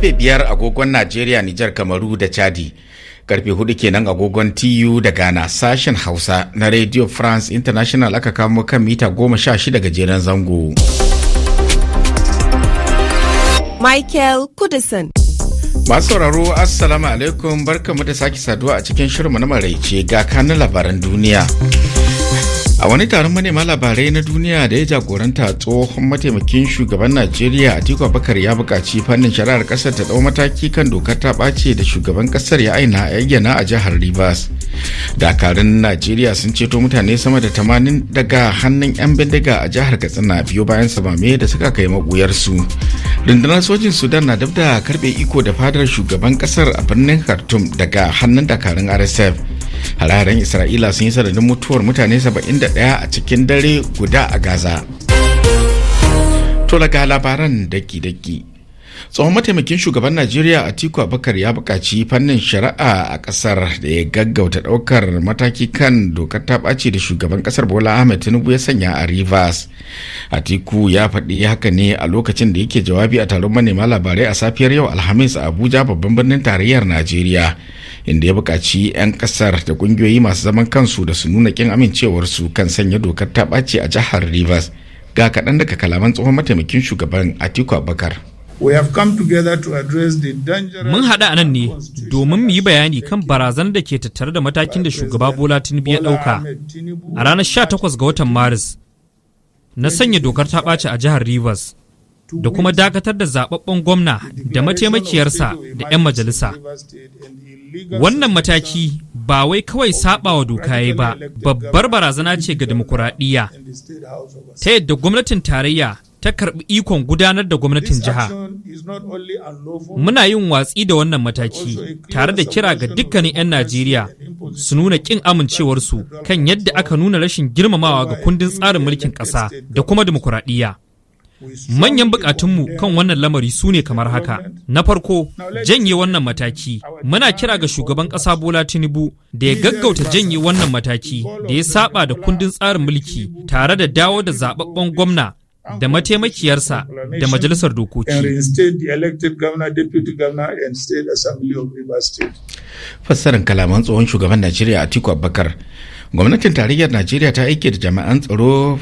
karfe biyar agogon Najeriya, Nijar, Kamaru da Chadi. Karfe hudu kenan agogon TU da Ghana sashen Hausa na Radio France International aka kamo kan mita goma sha shida gajeren zango. Michael Kudison. Masu sauraro Assalamu alaikum barkamu da sake saduwa a cikin shirinmu na maraice ga kanin labaran duniya. a wani taron manema labarai na duniya da ya jagoranta tsohon mataimakin shugaban najeriya atiku abakar ya buƙaci fannin shari'ar ƙasar ta ɗau mataki kan dokar ta ɓace da shugaban ƙasar ya aina ayyana a jihar rivers dakarun najeriya sun ceto mutane sama da tamanin daga hannun 'yan bindiga a jihar katsina biyu bayan samame da suka kai maɓuyarsu rundunar sojin sudan na dabda da karɓe iko da fadar shugaban ƙasar a birnin khartoum daga hannun dakarun rsf hararen isra'ila sun yi sanadin mutuwar mutane 71 a cikin dare guda a gaza to daga labaran daki-daki tsohon mataimakin shugaban najeriya atiku abakar ya bukaci fannin shari'a a ƙasar da ya gaggauta ɗaukar mataki kan dokar ta ɓaci da shugaban ƙasar bola ahmed tinubu ya sanya a rivers a tiku ya faɗi haka ne a lokacin da yake jawabi a taron manema labarai a safiyar yau alhamis a abuja babban birnin tarayyar najeriya inda ya bukaci 'yan ƙasar da ƙungiyoyi masu zaman kansu da su nuna ƙin amincewarsu kan sanya dokar ta ɓaci a jihar rivers ga kaɗan daga kalaman tsohon mataimakin shugaban atiku abakar. Mun haɗa a nan ne domin mu yi bayani kan barazan da ke tattare da matakin da shugaba Bola Tinubu ya ɗauka a ranar sha-takwas ga watan Maris na sanya dokar ta ɓace a jihar Rivers da kuma dakatar da zaɓaɓɓen gwamna da mataimakiyarsa da 'yan majalisa. Wannan mataki ba wai kawai saɓa wa doka ya ba, babbar barazana ce ga demokuraɗiyya ta yadda gwamnatin tarayya ta karɓi ikon gudanar da gwamnatin jiha. Muna yin watsi da wannan mataki tare da kira ga dukkanin 'yan Najeriya su nuna ƙin amincewarsu kan yadda aka nuna rashin girmamawa ga kundin tsarin mulkin ƙasa da kuma dimokuraɗiyya. Manyan bukatunmu kan wannan lamari su ne kamar haka. Na farko, janye wannan mataki. Muna kira ga shugaban ƙasa Bola Tinubu da ya gaggauta janye wannan mataki da ya saba da kundin tsarin mulki tare da dawo da zaɓaɓɓen gwamna da mataimakiyarsa da majalisar dokoki. Fassarar kalaman tsohon shugaban Najeriya Atiku Abubakar. Gwamnatin tarayyar Najeriya ta aike da jami'an tsaro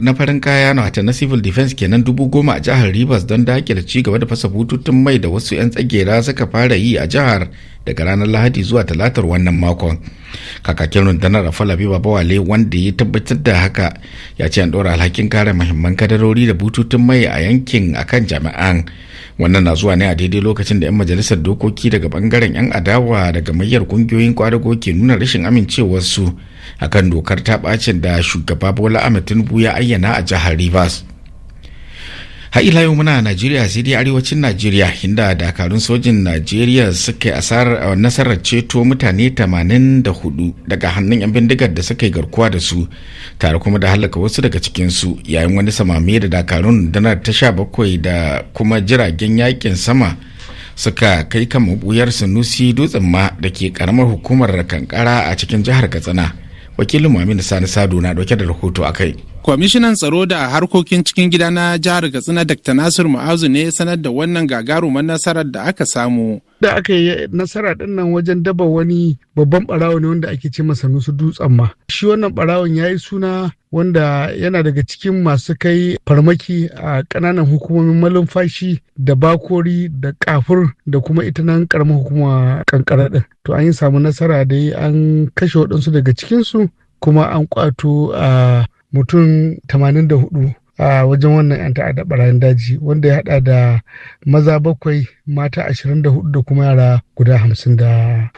na farin kaya na wata na civil defense kenan dubu goma a jihar Rivers don dake da cigaba da fasa bututun mai da wasu 'yan tsagera suka fara yi a jihar daga ranar Lahadi zuwa talatar wannan makon. kakakin rundunar labi biba bawale wanda ya tabbatar da haka ya ce an ɗora alhakin kare mahimman kadarori da bututun mai a yankin akan jami'an wannan na zuwa ne a daidai lokacin da 'yan majalisar dokoki daga bangaren 'yan adawa daga mayyar kungiyoyin kwadago ke nuna rashin amincewarsu akan dokar ta bacin da shugaba bola amitin buya ya ayyana a jihar rivers har ila yau muna najeriya sai dai arewacin najeriya inda dakarun sojin najeriya suka yi a eh, nasarar ceto mutane 84 daga hannun yan bindigar da suka yi garkuwa da su tare kuma da halaka wasu daga cikinsu yayin wani samame da dakarun danar ta bakwai da kuma jiragen yakin sama suka kai kan mabuyar sanusi dutsen ma da ke karamar hukumar kankara a cikin jihar katsina wakilin muhammadu sani sado na dauke da rahoto a kai kwamishinan tsaro da harkokin cikin gida na jihar katsina dr nasir Ma'azu ne ya sanar da wannan gagarumar nasarar da aka samu da aka yi nasara din wajen daba wani babban barawo ne wanda ake ce masa nusu dutsen ma shi wannan barawon ya yi suna wanda yana daga cikin masu kai farmaki a ƙananan hukumomin malumfashi da bakori da kafur da kuma ita nan karamar hukuma kankara din to an yi samu nasara dai an kashe waɗansu daga cikinsu kuma an kwato a ah, mutum 84 a wajen wannan 'yan ta'adda barayin daji wanda ya hada da maza bakwai mata 24 da kuma yara guda 54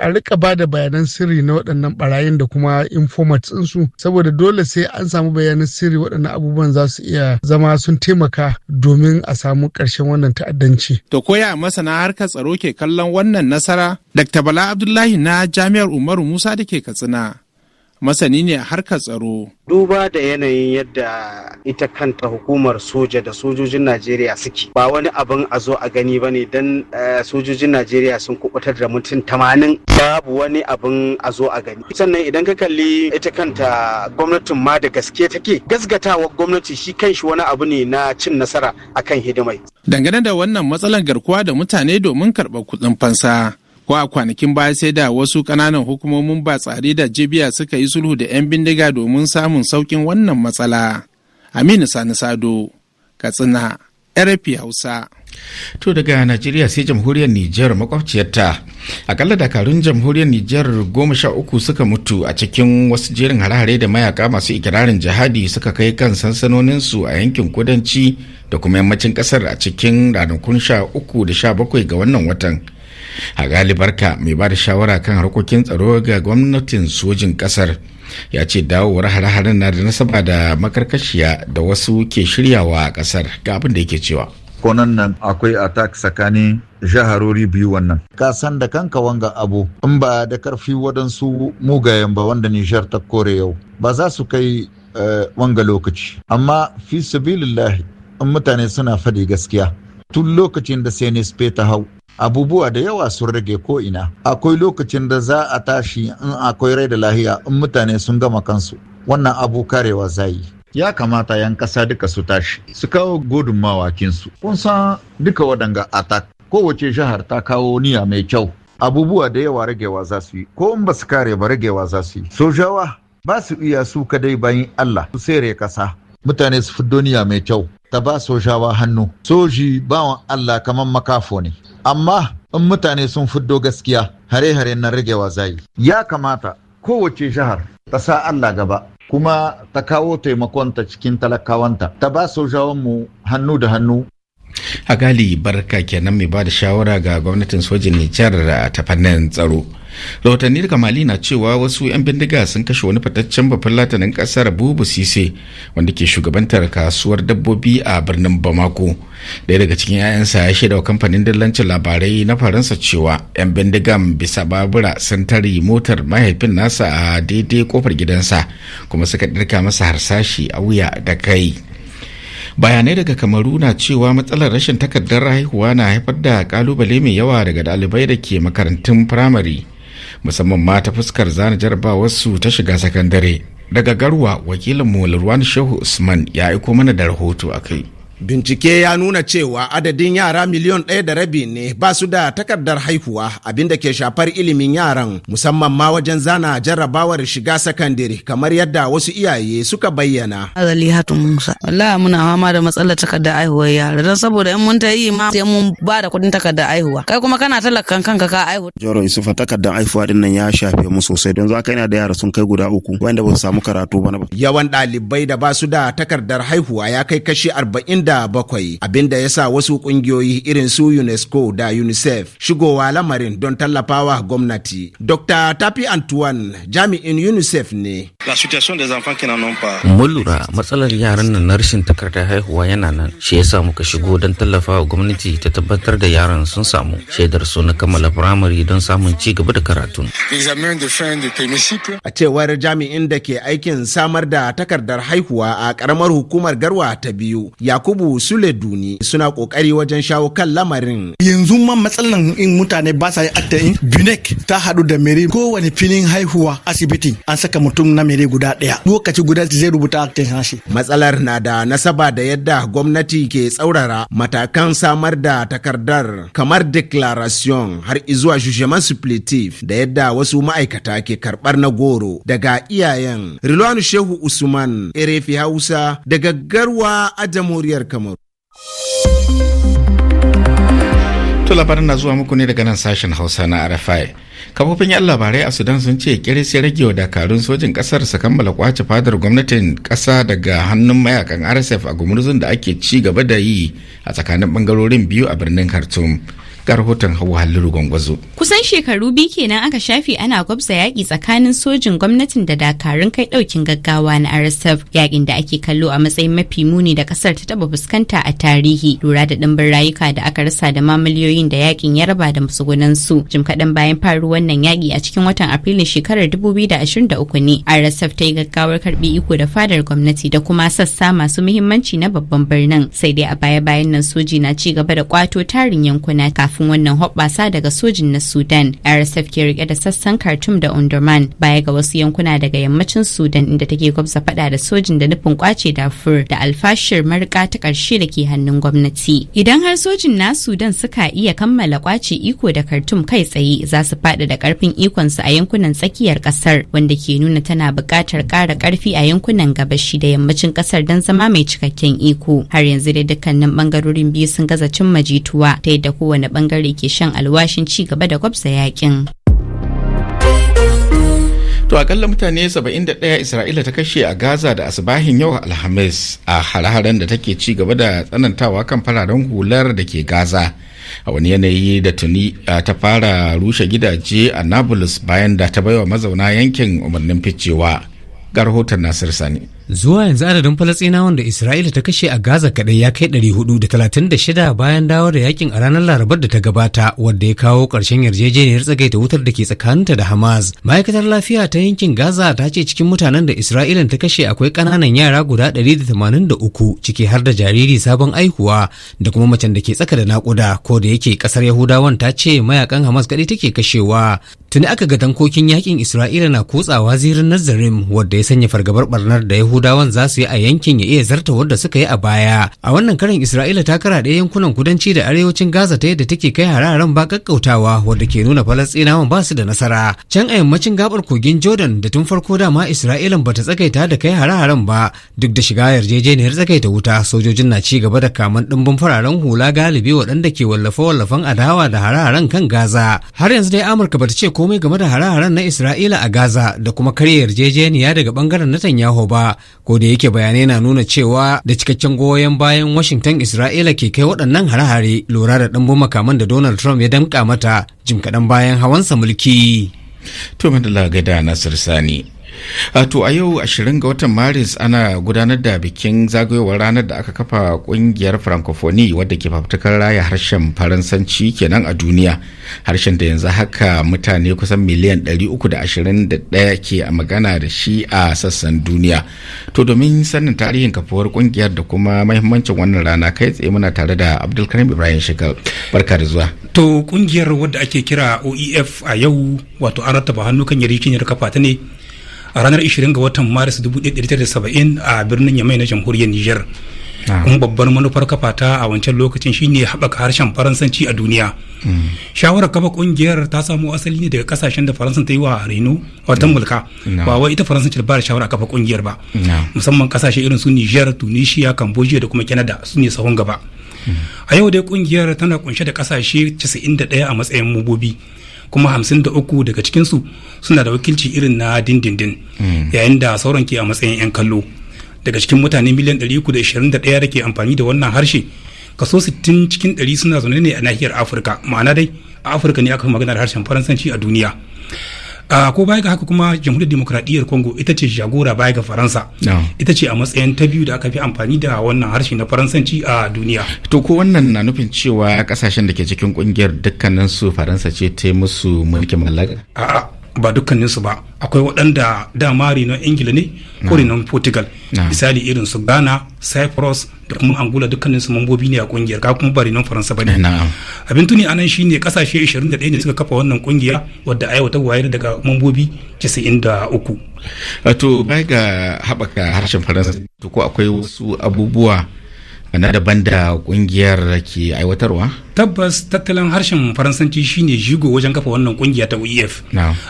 a rika ba da bayanan sirri na waɗannan barayin da kuma informat su saboda dole sai an samu bayanan sirri waɗannan abubuwan za su iya zama sun taimaka domin a samu ƙarshen wannan ta'addanci to koya masana harkar tsaro ke kallon wannan nasara dr bala abdullahi na jami'ar umaru musa da ke katsina masani ne a harkar tsaro. Duba da yanayin yadda ita kanta hukumar soja da sojojin Najeriya suke ba wani abin a zo a gani ba ne don eh, sojojin Najeriya sun kubutar da mutum tamanin babu wani abin a zo a gani. Sannan idan ka kalli ita kanta gwamnatin ma da gaske take gasgatawa gwamnati shi kanshi wani abu ne na cin nasara akan hidimai. Dangane da wannan matsalar garkuwa da mutane domin karɓar kuɗin fansa. ko a kwanakin baya sai da wasu ƙananan hukumomin ba tsari da jibiya suka yi sulhu da 'yan bindiga domin samun sauƙin wannan matsala aminu sani sado katsina rfi hausa To daga Najeriya sai jamhuriyar Nijar makwabciyarta. Akalla dakarun jamhuriyar Nijar goma sha uku suka mutu a cikin wasu jerin hare-hare da mayaka masu ikirarin jihadi suka kai kan sansanoninsu a yankin kudanci da kuma yammacin kasar a cikin ranakun sha uku da sha bakwai ga wannan watan. a galibarka mai ba da shawara kan harkokin tsaro ga gwamnatin sojin kasar ya ce dawowar hare-haren na da nasaba da makarkashiya da wasu ke shiryawa a kasar ga abin da yake cewa konan nan akwai attack tsakanin jaharori biyu wannan ka san da kanka wanga abu in ba da karfi waɗansu mugayen ba wanda nijar ta kore yau ba za su kai eh, wanga lokaci amma fi sabilillahi in mutane suna faɗi gaskiya tun lokacin da cnsp ta hau abubuwa da yawa sun rage ko ina akwai lokacin da za a tashi in akwai rai da lahiya in mutane sun gama kansu wannan abu karewa zai ya kamata yan kasa duka su tashi su kawo gudunmawa kinsu kun san duka waɗanga atak kowace jihar ta kawo niya mai kyau abubuwa da yawa ragewa za su yi ko in ba su kare ba ragewa za su yi sojawa ba su iya su kadai bayan allah su sere kasa mutane su fi duniya mai kyau ta ba sojawa hannu soji bawan allah kamar makafo ne amma in mutane sun fuddo gaskiya hare-hare na ragewa zai ya kamata kowace jihar ta sa Allah gaba kuma ta kawo taimakonta cikin talakawanta ta ba mu hannu da hannu gali barka kenan mai ba da shawara ga gwamnatin sojin nijar ta fannin tsaro rahotanni daga mali na cewa wasu 'yan bindiga sun kashe wani fataccen babban latanin kasar bubu sise wanda ke shugabantar kasuwar dabbobi a birnin bamako daya daga cikin 'ya'yansa ya shaida wa kamfanin dillancin labarai na faransa cewa 'yan bindigan bisa babura sun tare motar mahaifin nasa a daidai kofar gidansa kuma suka dirka masa harsashi a wuya da kai bayanai daga kamaru na cewa matsalar rashin takardar haihuwa na haifar da kalubale mai yawa daga ɗalibai da ke makarantun firamare musamman ma ta fuskar zana su ta shiga sakandare daga garwa wakilin mu shehu usman ya aiko mana da rahoto a kai Bincike ya nuna cewa adadin yara miliyon ɗaya da rabi ne ba su da takardar haihuwa abinda ke shafar ilimin yaran musamman ma wajen zana jarrabawar shiga sakandare kamar yadda wasu iyaye suka bayyana. Azali Hatu Musa. Wallahi muna fama da matsalar takardar haihuwar yara don saboda in mun ta yi ma sai mun ba da kuɗin takardar haihuwa. Kai kuma kana talakan kanka ka haihu. Jaro Yusufa takardar haihuwa din nan ya shafe mu sosai don zaka yana da yara sun kai guda uku wanda ba su samu karatu ba. Yawan ɗalibai da ba su da takardar haihuwa ya kai kashi arba'in da da bakwai abinda ya sa wasu kungiyoyi irin su UNESCO da UNICEF shigowa lamarin don tallafawa gwamnati. Dr. Tapi Antoine jami'in UNICEF ne. Mun lura matsalar yaran nan na rashin takardar haihuwa yana nan shi yasa muka shigo don tallafawa gwamnati ta tabbatar da yaran sun samu shaidar su na kammala firamare don samun ci gaba da karatun. A cewar jami'in da ke aikin samar da takardar haihuwa a karamar hukumar garwa ta biyu Yakubu Shu'aibu Suleduni suna kokari wajen shawo kan lamarin. Yanzu ma matsalan in mutane ba sa yin Binek ta haɗu da Mary kowane filin haihuwa asibiti an saka mutum na Mary guda ɗaya. Lokaci guda zai rubuta aktin hashi. Matsalar na da nasaba da yadda gwamnati ke tsaurara matakan samar da takardar kamar declaration har izuwa jugement supplétif da yadda wasu ma'aikata ke karɓar na goro daga iyayen. Rilwanu Shehu Usman, Erefi Hausa daga Garwa a jamhuriyar kamaru To labarin na zuwa muku ne daga nan sashen Hausa na RFI. Kafofin yan labarai a Sudan sun ce kere sai rage wa dakarun sojin kasar su kammala kwace fadar gwamnatin kasa daga hannun mayakan RSF a gumurzun da ake ci gaba da yi a tsakanin bangarorin biyu a birnin Khartoum. ga rahoton hawa halliru gwangwazo kusan shekaru biyu kenan aka shafe ana gwabza yaƙi tsakanin sojin gwamnatin da dakarun kai ɗaukin gaggawa na rsf yaƙin da ake kallo a matsayin mafi muni da ƙasar ta taɓa fuskanta a tarihi lura da ɗimbin rayuka da aka rasa da ma miliyoyin da yaƙin ya raba da musugunan su jim kaɗan bayan faru wannan yaƙi a cikin watan afrilun shekarar 2023 ne rsf ta yi gaggawar karɓi iko da fadar gwamnati da kuma sassa masu muhimmanci na babban birnin sai dai a baya-bayan nan soji na ci gaba da kwato tarin yankuna kafin kafin wannan hoɓɓasa daga sojin na Sudan. RSF ke rike da sassan Khartoum da Omdurman baya ga wasu yankuna daga yammacin Sudan inda take gwabza fada da sojin da nufin kwace da fur da alfashir marika ta ƙarshe da ke hannun gwamnati. Idan har sojin na Sudan suka iya kammala kwace iko da Khartoum kai tsaye za su fada da ƙarfin ikonsu a yankunan tsakiyar ƙasar wanda ke nuna tana buƙatar ƙara ƙarfi a yankunan gabashi da yammacin ƙasar don zama mai cikakken iko. Har yanzu dai dukkanin ɓangarorin biyu sun gaza cimma jituwa ta yadda kowane ɓangare bangare ke shan alwashin ci gaba da gwabza yakin. To akalla mutane 71 Isra'ila ta kashe a Gaza da asibahin yau Alhamis a hare-haren da take ci gaba da tsanantawa kan fararen hular da ke Gaza. A wani yanayi da tuni ta fara rushe gidaje a Nablus bayan da ta baiwa mazauna yankin umarnin ficewa. Ga rahoton Nasir Sani. zuwa yanzu adadin falasinawan da isra'ila ta kashe a gaza kaɗai ya kai 436 bayan dawo da yakin a ranar larabar da ta gabata wadda ya kawo karshen yarjejeniyar tsagaita wutar da ke tsakaninta da hamas ma'aikatar lafiya ta yankin gaza ta ce cikin mutanen da isra'ila ta kashe akwai ƙananan yara guda 183 ciki har da jariri sabon aihuwa da kuma macen da ke tsaka da naƙuda ko da yake ƙasar yahudawan ta ce mayakan hamas kaɗai take kashewa Tuni aka ga tankokin yakin Isra'ila na kutsawa zirin nazarin wadda ya sanya fargabar barnar da Yahudawan za su yi a yankin ya iya zarta wadda suka yi a baya. A wannan karin Isra'ila ta kara ɗaya yankunan kudanci da arewacin Gaza ta yadda take kai hararen ba kakkautawa wadda ke nuna Falastinawan ba su da nasara. Can a yammacin gabar kogin Jordan da tun farko dama Isra'ila ba ta tsakaita da kai hararen ba duk da shiga yarjejeniyar tsakaita wuta sojojin na ci gaba da kaman ɗimbin fararen hula galibi waɗanda ke wallafe wallafan adawa da hararen kan Gaza. Har yanzu dai Amurka ba ta ce komai game da hare-haren na Isra'ila a Gaza da kuma karya yarjejeniya daga bangaren Netanyahu ba, ko da yake bayanai na nuna cewa da cikakken goyon bayan Washington Isra'ila ke kai waɗannan hare-hare lura da ɗan makaman da Donald Trump ya damƙa mata jim kaɗan bayan hawansa mulki. To, Madalla Gada Nasir Sani, to a yau 20 ga watan maris ana gudanar da bikin zagayowar ranar da aka kafa kungiyar francophonie wadda ke fafutukar raya harshen faransanci kenan a duniya harshen da yanzu haka mutane kusan miliyan 321 ke a magana da shi a sassan duniya to domin sanin tarihin kafuwar kungiyar da kuma mahimmancin wannan rana kai tsaye muna tare da abdulkarim ibrahim shekar barka da zuwa to kungiyar wadda ake kira oef a yau wato an rattaba hannu kan yarjejeniyar kafa ta ne a ranar 20 ga watan maris 1970 a birnin yamai na jamhuriyar niger kuma babbar manufar kafa ta a wancan lokacin shine haɓaka harshen faransanci a duniya mm. shawarar kafa kungiyar ta samo asali ne daga kasashen da faransanci ta yi wa reno wata mm. mulka ba wai ita da ba bada shawara kafa kungiyar ba musamman kasashe irin su niger tunisia cambodia da kuma canada su ne sahun gaba mm. a yau dai kungiyar tana kunshe da kasashe 91 a matsayin mubobi kuma hamsin da uku daga cikinsu suna da wakilci irin na dindindin hmm. yayin da sauran ke a matsayin 'yan kallo daga cikin mutane miliyan 321 da ke amfani da wannan harshe kaso 60 cikin ɗari suna zaune ne a nahiyar afirka ma'ana dai a afirka ne aka fi maganar harshen faransanci a duniya ko baya ga haka kuma jamhuriyar demokradiyyar congo ita ce jagora baya ga faransa ita ce a matsayin ta biyu da aka fi amfani da wannan harshe na faransanci a duniya to ko wannan na nufin cewa kasashen da ke cikin kungiyar dukkanin su faransa ce ta yi musu mulkin mallaka a'a ba dukkaninsu ba akwai waɗanda da mari na ingila ne korinan portugal misali irin su ghana cyprus da kuma angola dukkanin su mambobi ne a kungiyar ka kuma bari barinan faransa bane eh, abin tuni anan shine kasashe 21 ne suka kafa wannan kungiya wadda aiwata wayar daga mambobi 93 wato bai ga haɓaka harshen faransa ko akwai wasu abubuwa na daban da kungiyar ke aiwatarwa? tabbas tattalin harshen faransanci shine jigo wajen kafa wannan kungiya ta uef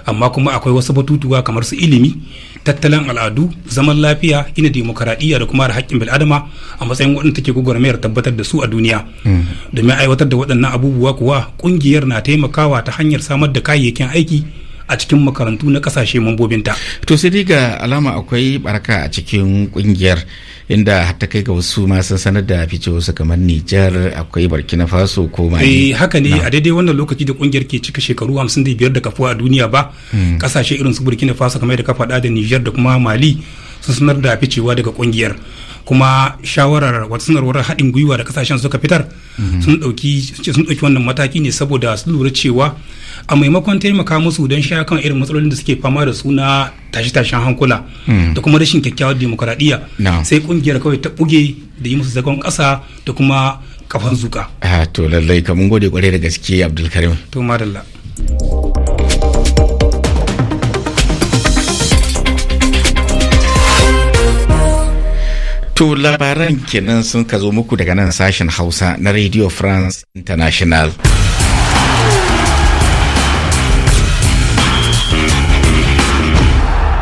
amma kuma akwai wasu batutuwa kamar su ilimi tattalin al'adu zaman lafiya ina demokaradiyya da kuma haƙƙin bil'adama a matsayin waɗanda take gwagwarmayar tabbatar da su a duniya hmm. domin aiwatar da waɗannan abubuwa kuwa kungiyar na taimakawa ta hanyar samar da kayayyakin aiki a cikin makarantu na kasashe mambobinta. To sai dai ga alama akwai baraka a cikin kungiyar inda hatta kai ga wasu ma sun sanar da fice wasu kamar Nijar akwai Burkina Faso ko Mali. Eh haka ne a daidai wannan lokaci da kungiyar ke cika shekaru 55 da kafuwa a duniya ba hmm. kasashe irin su Burkina Faso kamar da ka faɗa da Nijar da kuma Mali sun sanar da ficewa daga kungiyar. kuma shawarar wata sanarwar haɗin gwiwa da kasashen suka fitar mhm. sun ɗauki wannan mataki ne saboda su lura cewa a maimakon taimaka musu don shaya kan irin matsalolin da suke fama da suna tashe-tashen hankula hmm. da kuma rashin kyakkyawar demokuraɗiyya sai ƙungiyar kawai ta buge da yi musu zagon ƙasa da kuma kafan zuka. Ah, to lallai kamun gode kwarai da gaske abdulkarim. to madalla. To labaran kenan sun ka zo muku daga nan sashen Hausa na Radio France International.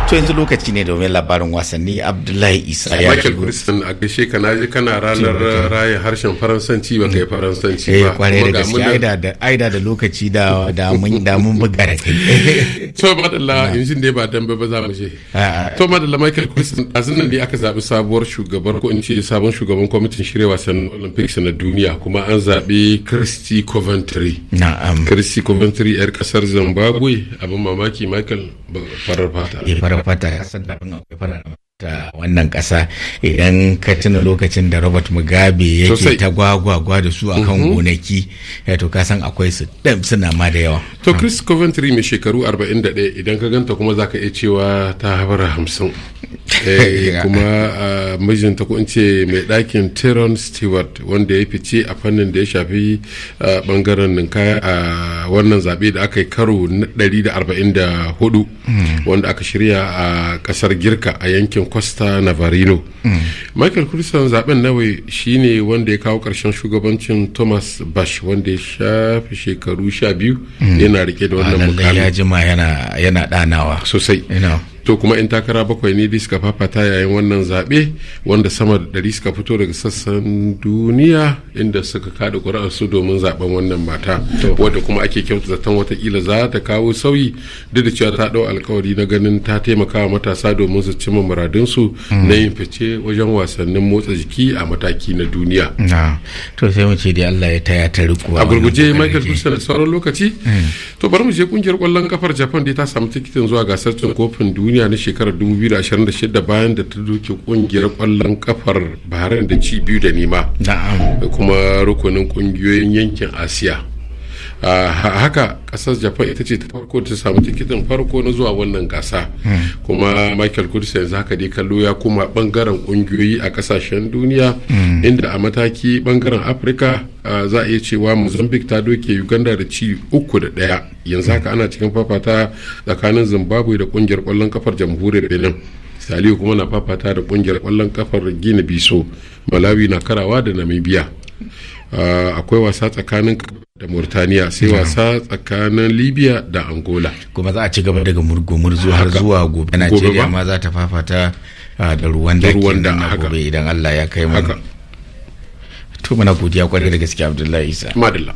to yanzu lokaci ne domin labarin wasanni abdullahi isa ya michael christian a gaishe ka naji kana ranar raya harshen faransanci ba kai mm. faransanci eh, ba kwarai da gaske aida da lokaci da mun da mun buga da kai to madalla injin dai ba dan ba za mu je ah, ah. to madalla michael christian a nan dai aka zabi sabuwar shugabar ko in ce sabon shugaban kwamitin shirya wasan olympics na duniya kuma an zabi christy coventry na'am christy coventry yar kasar zimbabwe abin mamaki michael farar fata eh, fata ya san abin akwai farar ta wannan ƙasa idan ka tuna lokacin da robert mugabe yake ta gwagwagwa da su akan mhm. gonaki eh, to ka san akwai su ɗan suna ma da yawa to hmm. chris coventry mai shekaru 41 idan ka ganta kuma za ka iya cewa ta habar hamsin Eh, kuma ah, mijinta ko in ce mai ɗakin teron Stewart wanda ya fice a fannin da ya shafi bangaren ah, ninkaya a ah, wannan zaɓe da aka yi karo na 144 hmm. wanda aka shirya a ƙasar Girka a yankin Costa Navarino. Hmm. Michael Christian zaben shi ne wanda ya kawo ƙarshen shugabancin Thomas Bash wanda ya shafi shekaru sha biyu hmm. yana rike da wannan mukamin. jima yana ɗanawa. Sosai. to kuma in takara bakwai ne da suka fafata yayin wannan zaɓe wanda sama da ɗari suka fito daga sassan duniya inda suka kaɗa kuri'ar su domin zaɓen wannan mata wadda kuma ake kyautata zaton watakila za ta kawo sauyi duk da cewa ta ɗau alkawari na ganin ta taimaka wa matasa domin su cimma muradunsu hmm. na yin fice wajen wasannin motsa jiki a mataki na duniya. to sai mu ce dai Allah ya taya ta riko a gurguje Michael Dusser sauran lokaci hmm. to bari mu je kungiyar kwallon kafar japan da ta samu tikitin zuwa gasar cin kofin duniya na shekarar 2026 bayan da ta doke kungiyar kwallon kafar bahrain da ci biyu da nema kuma rukunin kungiyoyin yankin asiya haka kasar japan ita ce ta farko ta samu tikitin farko na zuwa wannan gasa hmm. kuma michael kudus za ka dai kallo ya kuma bangaren ƙungiyoyi a kasashen duniya hmm. inda a mataki bangaren afirka za a iya cewa mozambique ta doke uganda da ci uku da daya yanzu haka ana cikin fafata tsakanin zimbabwe da kungiyar kwallon kafar jamhuriyar benin saliu kuma na fafata da kungiyar kwallon kafar gini biso malawi na karawa da namibia akwai wasa tsakanin da Murtaniya sai wasa tsakanin Libya da Angola. Kuma za a ci gaba daga murgumur zuwa har zuwa gobe. Najeriya ma za ta fafata da Rwanda kenan na gobe idan Allah ya kai mu. To muna godiya kwarai da gaske Abdullahi Isa. Madalla.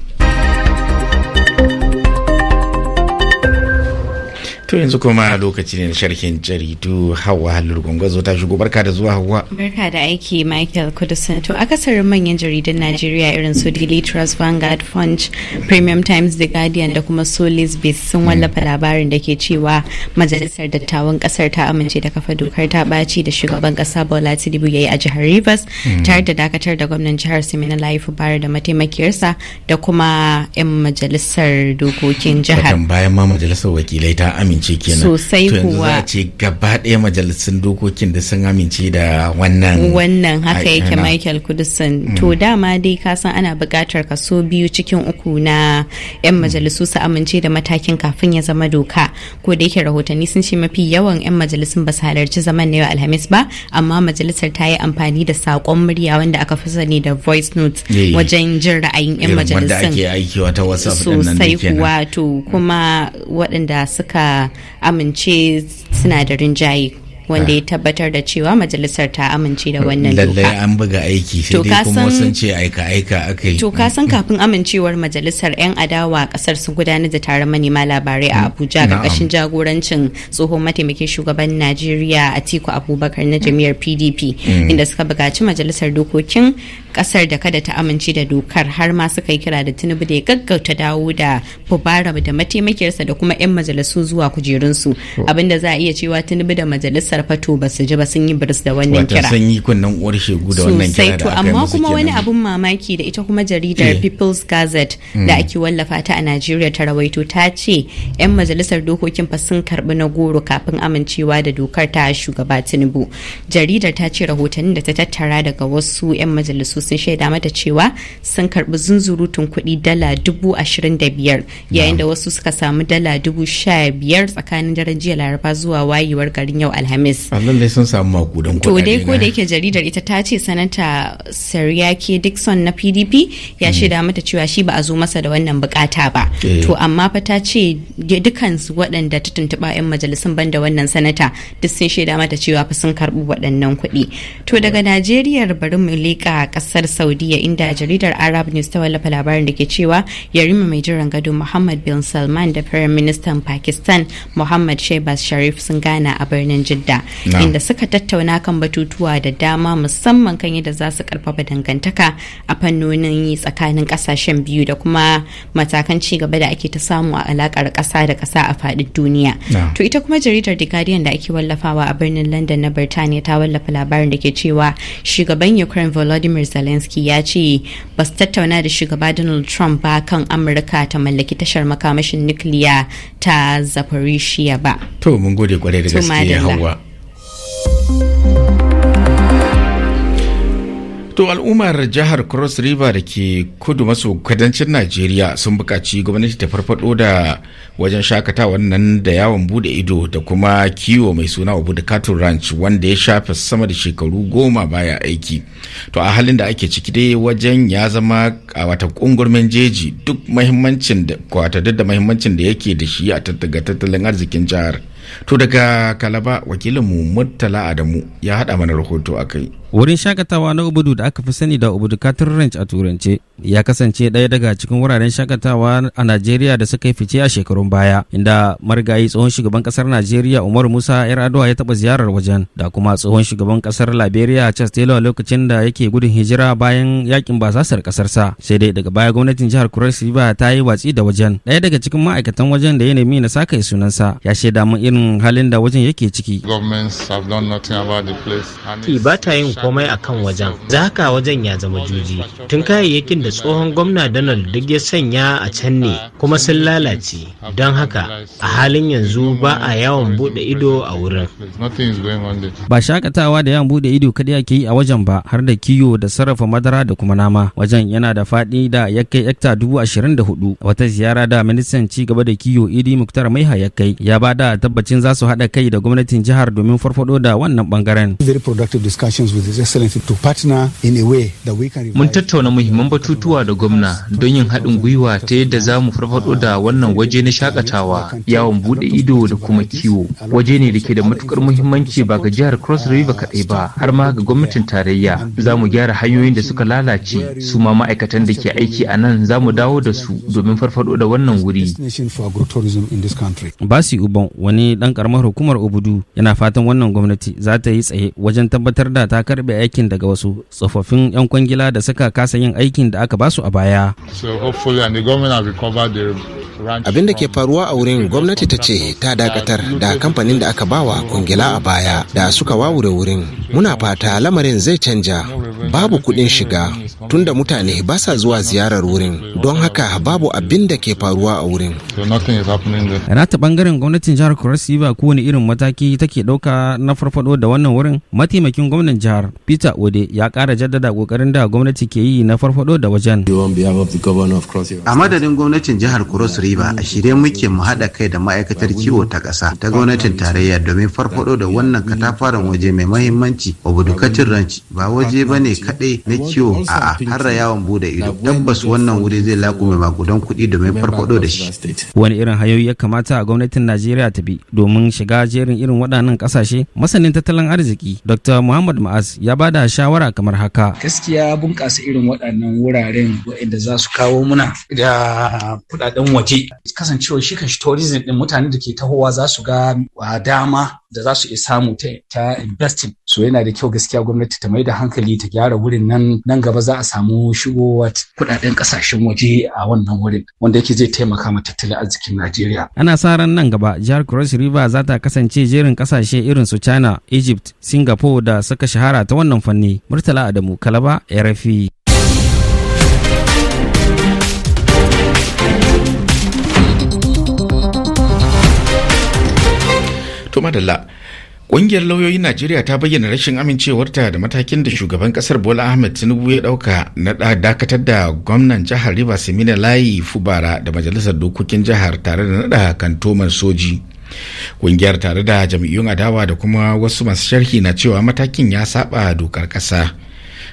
To yanzu kuma lokaci ne na sharhin jaridu Hawa Lurgungwazo ta shigo barka da zuwa Hawa. Barka da aiki Michael Kudusin. To akasarin manyan jaridun Najeriya irin su Daily Trust, Vanguard, Punch, Premium Times, The Guardian da kuma Solis Base sun wallafa mm. labarin da ke cewa majalisar dattawan kasar ta amince da kafa dokar ta baci da shugaban kasa Bola Tinubu ya yi a jihar Rivers mm. tare da dakatar da gwamnan jihar Simina Laifu Bara da mataimakiyarsa da kuma 'yan majalisar dokokin jihar. Bayan ma majalisar wakilai ta amince amince kenan sosai kuwa za ce gaba ɗaya majalisun dokokin da sun amince da wannan wannan haka yake michael kudusan mm. to dama dai ka san ana buƙatar kaso biyu cikin uku na 'yan mm. majalisu su amince da matakin kafin ya zama doka ko da yake rahotanni sun ce mafi yawan 'yan majalisun ba su halarci zaman na yau alhamis ba amma majalisar ta yi amfani da saƙon murya wanda aka fi sani da voice note wajen jin ra'ayin 'yan majalisun sosai kuwa to mm. kuma waɗanda suka amince suna da rinjaye wanda ah. ya tabbatar da cewa majalisar ta amince da wannan doka. Lallai an buga aiki sai dai kuma sun ce aika aika aka yi. To ka san kafin amincewar majalisar 'yan adawa a kasar sun gudanar da taron manema labarai a hmm. Abuja ƙarƙashin jagorancin tsohon mataimakin shugaban Najeriya Atiku Abubakar na hmm. jami'ar PDP hmm. inda suka bugaci majalisar dokokin kasar da kada ta amince da dokar har ma suka yi kira da Tinubu da ya gaggauta dawo da Mubarak da mataimakiyarsa da kuma 'yan majalisu zuwa kujerunsu oh. abinda za a iya cewa Tinubu da majalisar fato ba su ji ba sun yi birs da wannan kira sun yi kunnen uwar shegu da wannan kira da amma kuma wani abun mamaki da ita kuma jaridar eh. People's Gazette mm. da ake wallafa ta a Najeriya ta rawaito ta ce yan majalisar dokokin fa sun karbi na goro kafin amincewa da dokar ta shugaba Tinubu jaridar ta ce rahotannin da ta tattara daga wasu yan majalisu sun shaida mata cewa sun karbi zunzurutun kuɗi dala dubu ashirin da biyar yayin da wasu suka samu dala dubu sha biyar tsakanin daren jiya laraba zuwa wayewar garin yau alhamis alhamis lallai sun samu makudan to dai ko da yake jaridar ita ta ce sanata saryake dixon na pdp ya hmm. shaida mata cewa shi ba a zo masa da wannan bukata ba eh. to amma fa ta ce dukkan waɗanda ta tuntuɓa 'yan majalisun banda wannan sanata duk sun shaida mata cewa fa sun karɓi waɗannan kuɗi to daga hmm. najeriya bari mu leƙa ƙasar saudiya inda jaridar arab news ta wallafa labarin da ke cewa yarima mai jiran gado muhammad bin salman da firayim ministan pakistan muhammad shehbaz sharif sun gana a birnin jidda da inda suka tattauna kan batutuwa da dama musamman kan yadda za su karfafa dangantaka a fannonin tsakanin kasashen biyu da kuma matakan ci gaba da ake ta samu a alakar ƙasa da kasa a faɗin duniya. To ita kuma jaridar The Guardian da ake wallafawa a birnin London na Birtaniya ta wallafa labarin da ke cewa shugaban Ukraine Volodymyr Zelensky ya ce ba su tattauna da shugaba Donald Trump ba kan Amurka ta mallaki tashar makamashin nukiliya ta zaporishiya ba. To mun gode kwarai da gaske hawa. To al'ummar jihar Cross River da ke kudu maso kadancin Najeriya sun buƙaci gwamnati ta farfaɗo da wajen shakatawa wannan da yawon bude ido da kuma kiwo mai suna Obudu Cattle Ranch wanda ya shafe sama da shekaru goma baya aiki. To a halin da ake ciki dai wajen ya zama a wata kungurmin jeji duk mahimmancin da kwata duk da mahimmancin da yake da shi a tattaga tattalin arzikin jihar. To daga Kalaba wakilinmu Murtala Adamu ya haɗa mana rahoto a kai. wurin shakatawa na ubudu da aka fi sani da ubudu katin ranch a turance ya kasance ɗaya daga cikin wuraren shakatawa a najeriya da suka yi fice a shekarun baya inda marigayi tsohon shugaban kasar najeriya umar musa Yar yar'adua ya taɓa ziyarar wajen da kuma tsohon shugaban kasar liberia charles taylor lokacin da yake gudun hijira bayan yakin basasar kasar sa sai dai daga baya gwamnatin jihar kuresiba ta yi watsi da wajen ɗaya daga cikin ma'aikatan wajen da ya nemi na saka sunansa ya shaida mun irin halin da wajen yake ciki. Ki ba komai a kan wajen za ka wajen ya zama juji tun kayayyakin da tsohon gwamna donald duk ya sanya a can ne kuma sun lalace don haka a halin yanzu ba a yawon bude ido a wurin ba shakatawa da yawon bude ido kadai ake yi a wajen ba har da kiyo da sarrafa madara da kuma nama wajen yana da faɗi da ya kai hekta dubu ashirin da hudu wata ziyara da ministan ci gaba da kiyo idi muktar mai ya kai ya ba da tabbacin za su haɗa kai da gwamnatin jihar domin farfado da wannan bangaren. Very Mun tattauna muhimman batutuwa da gwamna don yin haɗin gwiwa ta yadda za mu farfaɗo da wannan waje na shakatawa yawon buɗe ido da kuma kiwo. Waje ne da ke da matukar muhimmanci ba ga jihar Cross River kaɗai ba har ma ga gwamnatin tarayya. Za mu gyara hanyoyin da suka lalace su ma ma'aikatan da ke aiki a nan za mu dawo da su domin farfaɗo da wannan wuri. Basi Uban wani ɗan ƙaramar hukumar Obudu yana fatan wannan gwamnati za ta yi tsaye wajen tabbatar da takar karbe aikin daga wasu tsofaffin 'yan kwangila da suka kasa yin aikin da aka basu a baya. So hopefully and the government has recovered the abin da ke faruwa a wurin gwamnati ta ce ta dakatar da kamfanin da aka bawa kungila a baya da suka wawure wurin muna fata lamarin zai canja babu kuɗin shiga tunda mutane ba sa zuwa ziyarar wurin don haka babu abin da ke faruwa a wurin rata bangaren gwamnatin jihar kurasiba kowane irin mataki take ɗauka na farfado da wannan wurin mataimakin gwamnan jihar peter ode ya ƙara jaddada ƙoƙarin da gwamnati ke yi na farfado da wajen a madadin gwamnatin jihar kurasiba Ba a shirye muke mu haɗa kai da ma'aikatar kiwo ta ƙasa ta gwamnatin tarayya domin farfado da wannan katafaren waje mai mahimmanci wa budukacin ranci ba waje ba ne kaɗai na kiwo a har yawon bude ido tabbas wannan wuri zai laƙume magudan kuɗi domin farfado da shi. wani irin hayoyi ya kamata a gwamnatin najeriya ta bi domin shiga jerin irin waɗannan ƙasashe masanin tattalin arziki dr muhammad ma'az ya bada shawara kamar haka. gaskiya bunƙasa irin waɗannan wuraren waɗanda za su kawo muna da kuɗaɗen waje kasancewa shi kashi tourism din mutane da ke tahowa za su ga dama da za su iya samu ta investing so yana da kyau gaskiya gwamnati ta mai da hankali ta gyara wurin nan nan gaba za a samu shigowar kudaden kasashen waje a wannan wurin wanda yake zai taimaka ma tattalin arzikin Najeriya ana sa ran nan gaba jihar Cross River za ta kasance jerin kasashe irin su China Egypt Singapore da suka shahara ta wannan fanni Murtala Adamu Kalaba RFI madalla Ƙungiyar lauyoyin Najeriya ta bayyana rashin amincewarta da matakin da shugaban ƙasar Bola Ahmed Tinubu ya ɗauka na dakatar da gwamnan jihar Rivers Emina Layi Fubara da majalisar dokokin jihar tare da naɗa kantoman soji. Ƙungiyar tare da jam'iyyun adawa da kuma wasu masu sharhi na cewa matakin ya saba dokar ƙasa.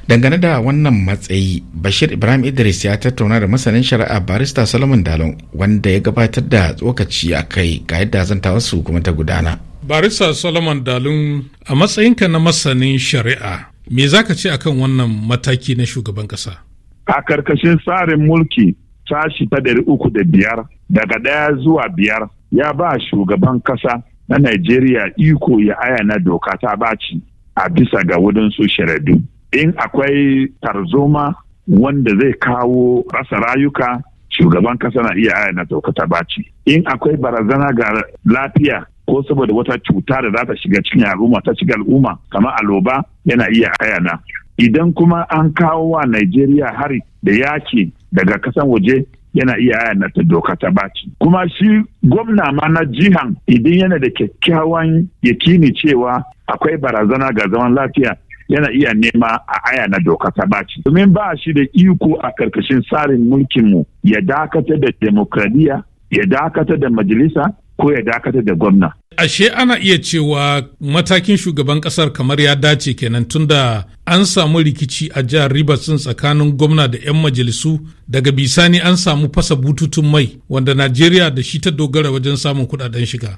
Dangane da wannan matsayi, Bashir Ibrahim Idris ya tattauna da masanin shari'a barista Solomon Dalon wanda ya gabatar da tsokaci a kai ga yadda wasu kuma ta gudana. barista solomon dalun a matsayinka na masanin shari'a me za ka ce akan wannan mataki na shugaban ƙasa a karkashin tsarin mulki sashi ta ɗari uku da biyar daga ɗaya zuwa biyar ya ba shugaban ƙasa na Najeriya iko ya ayana doka ta baci a bisa ga su sharadu. In akwai tarzoma wanda zai kawo rasa rayuka shugaban kasa na iya na doka ta baci. In akwai barazana ga lafiya ko saboda wata cuta da za ta shiga cikin al'umma ta shiga al'umma kamar aloba yana iya ayana idan kuma an kawo wa Najeriya hari da yaki daga kasan waje yana iya ayana ta doka ta baci kuma shi gwamna ma na jihan idan yana da kyakkyawan yakini cewa akwai barazana ga zaman lafiya yana iya nema a aya na doka ta baci. Domin ba shi da iko a karkashin tsarin mulkinmu ya dakata da demokradiyya, ya dakata da majalisa, ko ya dakatar da gwamna. Ashe ana iya cewa matakin shugaban kasar kamar ya dace kenan tunda an samu rikici a jihar Rivers tsakanin gwamna da 'yan majalisu daga bisani an samu fasa bututun mai wanda Najeriya da shi ta dogara wajen samun kudaden shiga.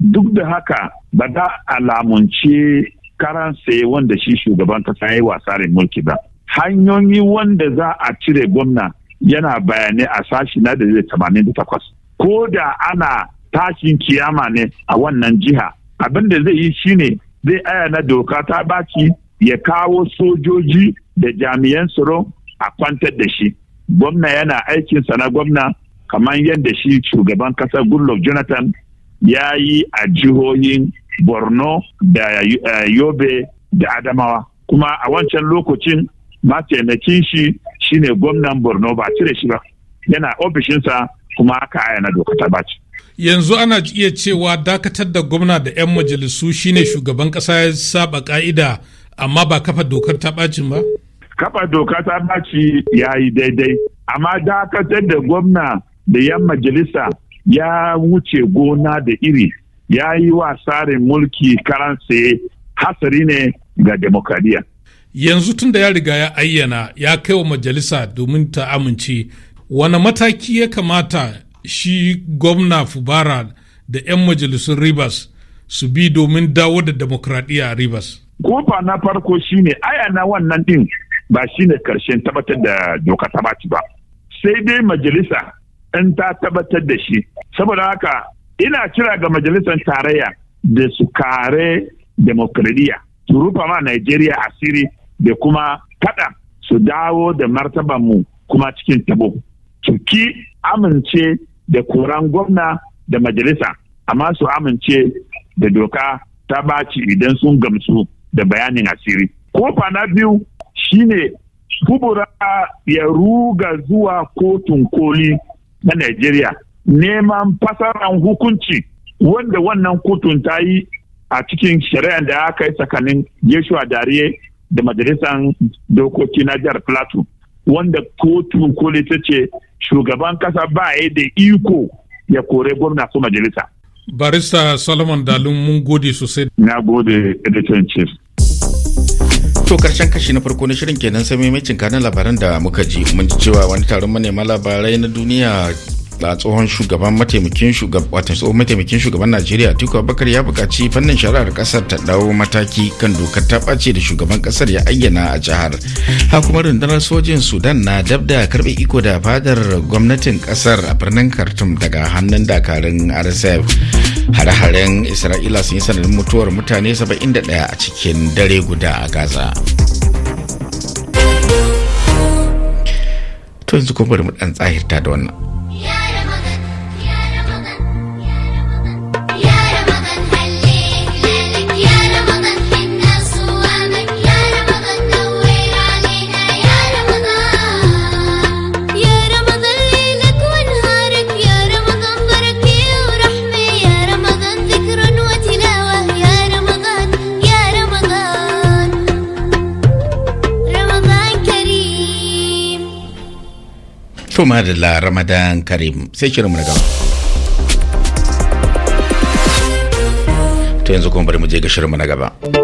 Duk da haka ba za a lamunce karan wanda shi shugaban kasa ya yi da mulki ba. Hanyoyi wanda za a cire gwamna yana bayanai a sashi na da takwas. Ko da ana tashin kiyama ne a wannan jiha abin da zai yi shine zai aya na doka ta baci ya kawo sojoji da jami'an tsaro a kwantar da shi gwamna yana aikinsa na gwamna kamar yadda shi shugaban kasar goodluck jonathan ya yi a jihohin borno da eh, yobe da adamawa kuma a wancan lokacin mataimakin shi shine gwamnan borno ba cire shi ba yana ofishinsa kuma aka ayana doka ta baci yanzu ana iya cewa dakatar da gwamna da 'yan majalisu shine shugaban kasa ya saba ka'ida amma ba kafa dokar ta bacin ba kafa doka ta baci ya yi daidai amma dakatar da gwamna da 'yan majalisa ya wuce gona da iri ya yi wa tsarin mulki karan saye hasari ne ga demokradiyya yanzu tun da ya riga ya ayyana ya kai wa majalisa domin ta amince wani mataki ya kamata shi gwamna fubara da 'yan majalisun rivers su bi domin dawo da demokradiyya a rivers kofa na farko shine aya na wannan din ba shine karshen tabbatar da doka ta ba sai dai majalisa in ta tabbatar da shi saboda haka ina kira ga majalisar tarayya da su kare demokradiyya su rufa ma Najeriya asiri da kuma kada su dawo da mu kuma cikin tabo ki amince da koran gwamna da majalisa amma su amince da doka ta baci idan sun gamsu da bayanin asiri kofa na biyu shine kubura ya ruga zuwa kotun koli na Najeriya neman fasaran hukunci wanda wannan kotun ta yi a cikin shari'ar da aka yi tsakanin Yeshua Dariye da majalisan Dokoki na Jihar Plateau. wanda kotu koli ta ce shugaban kasa ba ya da iko ya kore gwamna su majalisa. Barista Solomon Dalun mun gode sosai. Na gode editor chief. To karshen kashi na farko na shirin kenan sai maimacin kanan labaran da muka ji mun ji cewa wani taron manema labarai na duniya da tsohon shugaban mataimakin shugaban mataimakin shugaban najeriya atiku abubakar ya buƙaci fannin shari'ar ƙasar ta dawo mataki kan dokar ta ɓace da shugaban kasar ya ayyana a jihar ha kuma rundunar sojin sudan na dabda da iko da fadar gwamnatin ƙasar a birnin khartoum daga hannun dakarun rsf hare-haren isra'ila sun yi sanadin mutuwar mutane 71 a cikin dare guda a gaza to yanzu kuma bari mu tsahirta da wannan To madalla Ramadan Karim sai shirin na gaba. To yanzu kuma bari mu je ga shirin na gaba.